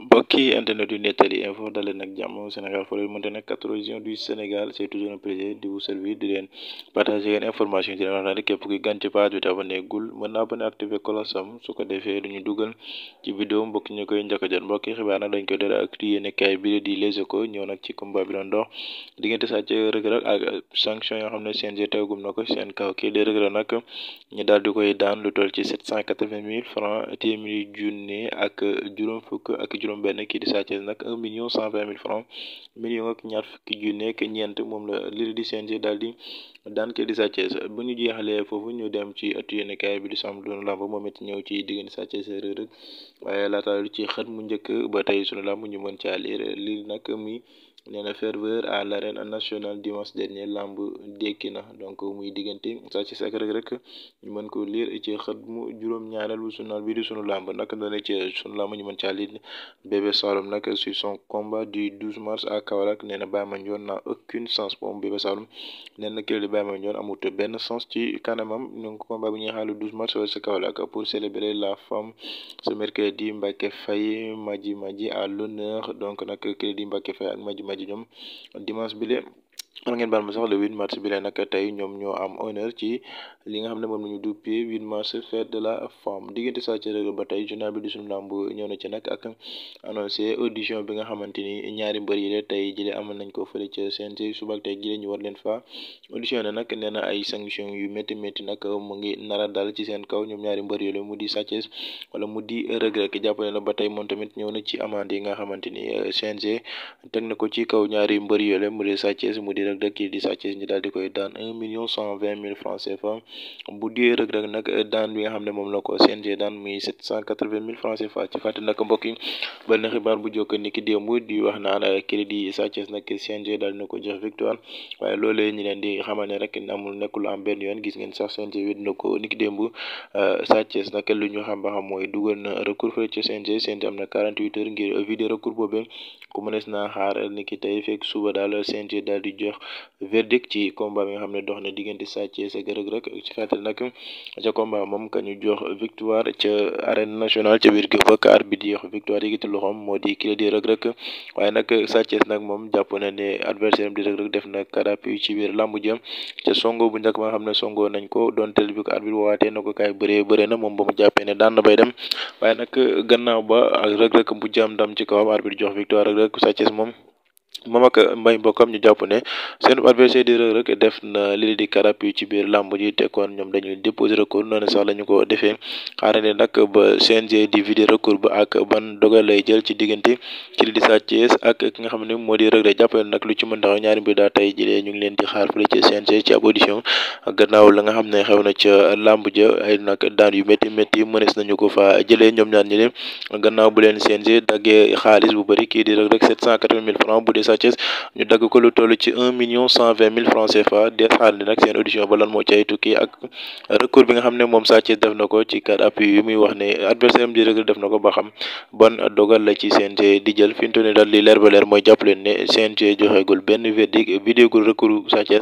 mbokki internet yu Nettali info dalee nag jàmm Sénégal foo leen mënte nag du Sénégal c'est toujours un di vous servir di leen partager information di leen wax naa ne képp kuy gànci page bi te abonnéegul mën na abonné dugal ci vidéo mbokki ñu koy njëkk a jot mbokki xibaar dañ koy daan lu ci mille francs téeméeri junni ak juróom fukk ak juróom benn kii di Sa Thiès nag un million cent vingt mille francs million ak ñaar fukki junne ak ñeent moom la lii di CNG daal di daan kii di Sa bu ñu jeexalee foofu ñu dem ci atu yéenekaay bi di Samb doon làmb moom it ñëw ci diggante Sa Thiès Reug Reug waaye laataa ci xët mu njëkk ba tey sunu làmb ñu mën caa liir lii nag mi nee na Ferveur à l'arène national dimanche dernier lamb dékki na donc muy diggante Sathies ak Reug Reug ñu mën ko liir ci xët mu juróom-ñaareel bu journal bi di sunu lamb nag dana ci sunu lamb ñu mën caa liir Bébé son combat du 12 mars à Kaolack nee na Baye Mandione n'a aucune sens moom Bébé Saloum nee na kii di Baye Mandione amut benn sens ci kanamam ñu ngi ko combat bi ñuy xaar le 12 mars pour célébrer la femme ce mercredi Mbacké Faye Madji Madji a l'honneur donc nag kii ba ci ñoom dimanche bi le man ngeen baal ma sax le bi lee nag tey ñoom ñoo am honneur ci li nga xam ne moom ñu duppee 8 de la femme diggante Sa Thiès ba tey journal bi di sunu làmb ñëw na ci nag ak annoncé audition bi nga xamante ni ñaari mbër yi la tey jëlee amal nañ ko fële ca CNG suba ak tey ñu war leen fa audition nag nee na ay sanction yu métti métti nag mu ngi nar a ci seen kaw ñoom ñaari mbër yi la mu di Sa wala mu di Reug Reug jàppale la ba tey moom tamit ñëw na ci amande yi nga xamante ni CNG teg na ko ci kaw ñaari mbër yi la mu di Sa mu di Reug Reug kii di daal di koy daan un million cent vingt mille francs CFA bu dee Reug Reug xibaar bu jokk ni ki di wax naan kii di Sathies nag CNG daal dina ko jox victoire waaye loolee ñu leen rek amul nekk lu am gis ngeen sax CNG wét lu ñu xam mooy dugal na recours fële ci CNG CNG am na quarante huit heures ngir vider recours boobee ku mënees naa xaar ni ki tey fekk suba daal CNG verdict ci combat bi nga xam ne dox na diggante Sa Thiès ak Reug Reug ci fàttali nag ca combat moom ka ñu jox victoire ca arène nationale ca biir géew ba ka arbitre yi jox victoire yëkkati loxoom moo di kii la di Reug Reug waaye nag Sa Thiès nag moom jàpp na ne adversaire am di Reug Reug def na karap yu ci biir làmb jëm ca songo bu njëkk ba nga xam ne songo nañ ko doon tel bi ko arbitre waatee na ko kaay bëree bëree na moom ba mu jàppee ne daan na bay dem waaye nag gannaaw ba ak Reug Reug bu jam ndam ci kawam arbitre jox victoire Reug Reug Sa Thiès moom moom ak mbay mbokkam ñu jàpp ne seen adversaire di Reug Reug def na lii di karap yu ci biir làmb ji te kon ñoom dañuy déposer recours noonu sax la ko defee xaarandi nag ba CNG di vider recours ba ak ban dogal lay jël ci diggante ci lii di Sa Thiès ak nga xam ne moo di Reug Reug jàpp ne nag lu ci mën taxaw ñaari mbir daa tey jilee ñu ngi leen di xaar fële ci CNG ci ab audition gannaaw la nga xam ne xew na ca làmb ja ay nag daan yu métti métti mënees nañu ko fa jëlee ñoom ñaar ñi leen bu leen CNG daggee xaalis Sa Thiès ñu dagg ko lu toll ci un million cent vingt mille francs CFA des ànd nag seen audition ba lan moo cay tukki ak recours bi nga xam ne moom Sa def na ko ci cadre appui yi muy wax ne adversaire di Reug Reug def na ko ba xam ban dogal la ci CNG di jël fi mu daal li leer ba leer mooy jàpp leen ne CNG joxeegul benn verdict vidéogul recours Sa